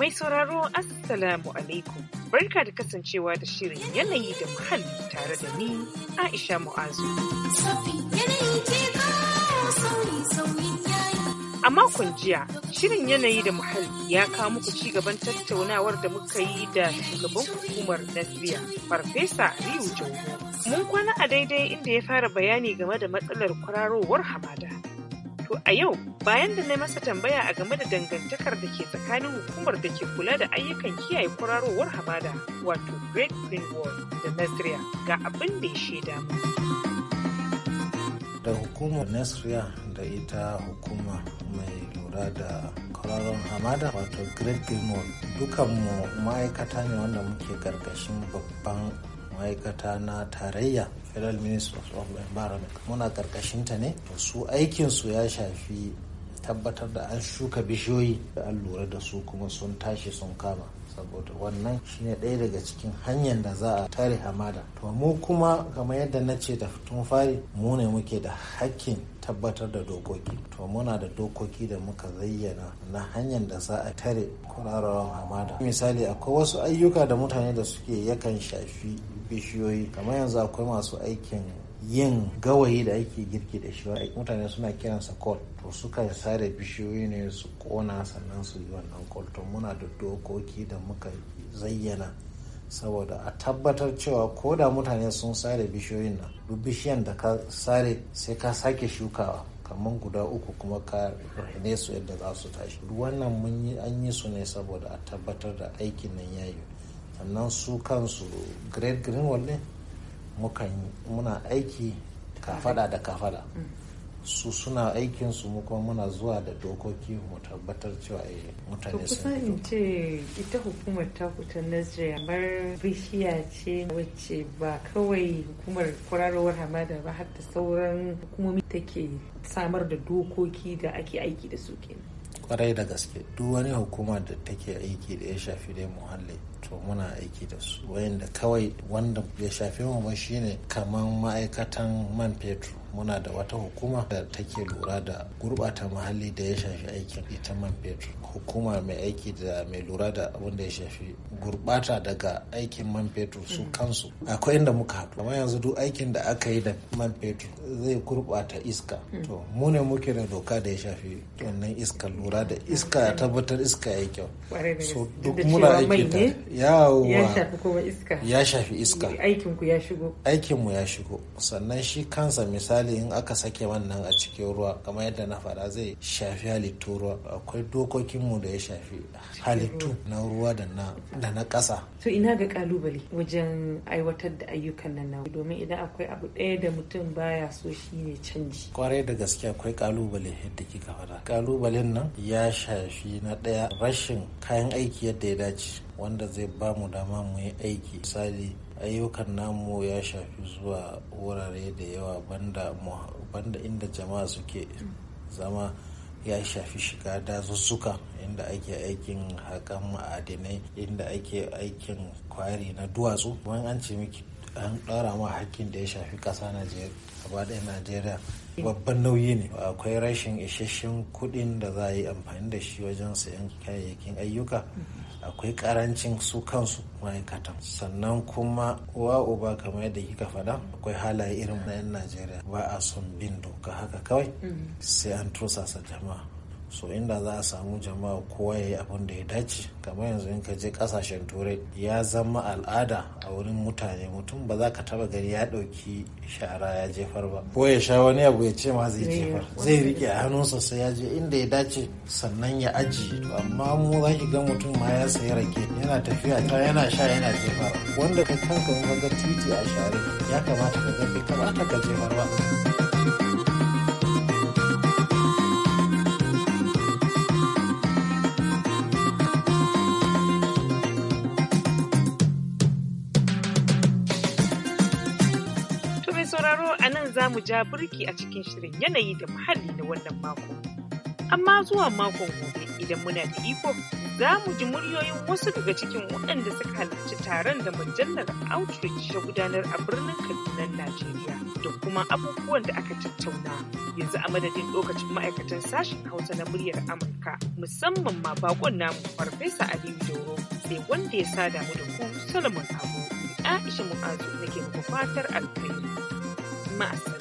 Mai sauraro Assalamu alaikum. Barka da kasancewa da shirin yanayi da muhalli tare da ni Aisha Mu'azu. A makon jiya, shirin yanayi da muhalli ya kawo muku ci gaban tattaunawar da muka yi da shugaban hukumar Nasbiya, Farfesa Riu Jauro. Mun kwana a daidai inda ya fara bayani game da matsalar kwararowar hamada. To a yau bayan da na masa tambaya a game da dangantakar da ke tsakanin hukumar da ke kula da ayyukan kiyaye kwararowar hamada wato Great Green Wall da Nasriya ga abin da ya shaida mu. Da hukumar Nasriya da ita hukuma mai lura da kwararon hamada wato Great Green Wall dukanmu ma'aikata ne wanda muke gargashin babban ma'aikata na tarayya federal ministry of environment muna karkashin ta ne su aikinsu ya shafi tabbatar da an shuka bishiyoyi da an lura da su kuma sun tashi sun kama saboda wannan shine ɗaya daga cikin hanyar da za a tare hamada to mu kuma kamar yadda na ce da tun fari mu ne muke da hakkin tabbatar da dokoki to muna da dokoki da muka zayyana na hanyar da za a tare kwararrawan hamada misali akwai wasu ayyuka da mutane da suke yakan shafi bishiyoyi kamar yanzu akwai masu aikin yin gawayi da ake girki da shi mutane suna kiransa kol to suka sare bishiyoyi ne su kona sannan su yi wannan kol to muna da dokoki da muka zayyana saboda a tabbatar cewa ko da mutane sun sare bishiyoyin nan duk bishiyan da ka sare sai ka sake shukawa kamar guda uku kuma ka rene su yadda za su tashi wannan an yi su ne saboda a tabbatar da aikin nan yayi sannan su kansu great greenwald ne muna aiki kafada da kafada su suna aikin su kuma muna zuwa da dokoki mu tabbatar cewa eh mutane sun in ce ita hukumar ta kuta Najeriya bar bishiya ce wacce ba kawai hukumar kwararowar hamada ba har sauran hukumomi take samar da dokoki da ake aiki da su kenan kwarai da gaske duk wani hukuma da take aiki da ya shafi dai muhalli to muna aiki da su wayanda kawai wanda ya shafi mu ma shine kaman ma'aikatan man fetur muna da wata hukuma da take lura da gurbata mahalli da ya shafi aikin ita man fetur hukuma mai aiki da mai lura da abin ya shafi gurbata daga aikin man fetur su mm. kansu akwai inda muka haɗu amma yanzu duk aikin da aka yi da man fetur zai gurbata iska mm. to mu ne muke da doka da ya shafi wannan iska lura da mm. iska ya tabbatar iska ya kyau so duk muna aiki da ya shafi iska aikin ku ya shigo aikin mu ya shigo sannan shi kansa misali misali in aka sake wannan a cikin ruwa kamar yadda na faɗa zai shafi halittu ruwa akwai dokokin mu da ya shafi halittu na ruwa da na ƙasa. to ina ga kalubale wajen aiwatar da ayyukan nan nawa domin idan akwai abu ɗaya da mutum baya so shi ne canji. kwarai da gaske akwai kalubale yadda kika faɗa kalubalen nan ya shafi na ɗaya rashin kayan aiki yadda ya dace wanda zai ba mu dama mu yi aiki misali ayyukan namu ya shafi zuwa wurare da yawa banda inda jama'a suke zama ya shafi shiga dazuzzuka inda ake aikin haƙan ma'adinai inda ake aikin kwari na duwatsu wani an ce miki an ɗora ma hakkin da ya shafi ƙasa gaba ɗaya najeriya babban nauyi ne akwai rashin isasshen kuɗin da za a yi amfani da shi wajen sayan kayayyakin ayyuka akwai karancin su kansu ma'aikatan sannan kuma wa uba kamar yadda kika faɗa akwai halaye irin na 'yan najeriya ba a son bin doka haka kawai mm-hmm. sai an tursasa jama'a so inda za a samu jama'a kowa ya yi abin da ya dace kamar yanzu in ka je kasashen turai ya zama al'ada a wurin mutane mutum ba za ka taba gani ya ɗauki shara ya jefar ba ko ya sha wani abu ya ce ma zai jefar zai rike a hannunsa sai ya je inda ya dace sannan ya ajiye to amma mu za ki ga mutum ma ya sayi rake yana tafiya ta yana sha yana jefar wanda ka kanka ga titi a share ya kamata ka ga kamata ka jefar ba. mu ja burki a cikin shirin yanayi da muhalli na wannan mako. Amma zuwa makon gobe idan muna da iko za mu ji muryoyin wasu daga cikin waɗanda suka halarci taron da mujallar Outreach ta gudanar a birnin Kaduna, Najeriya da kuma abubuwan da aka tattauna. Yanzu a madadin lokacin ma'aikatan sashen Hausa na muryar Amurka musamman ma bakon namu Farfesa Aliyu Jauro sai wanda ya sada mu da ku Solomon Abu. Aisha Mu'azu nake muku fatar alkhairi. Ma'asala.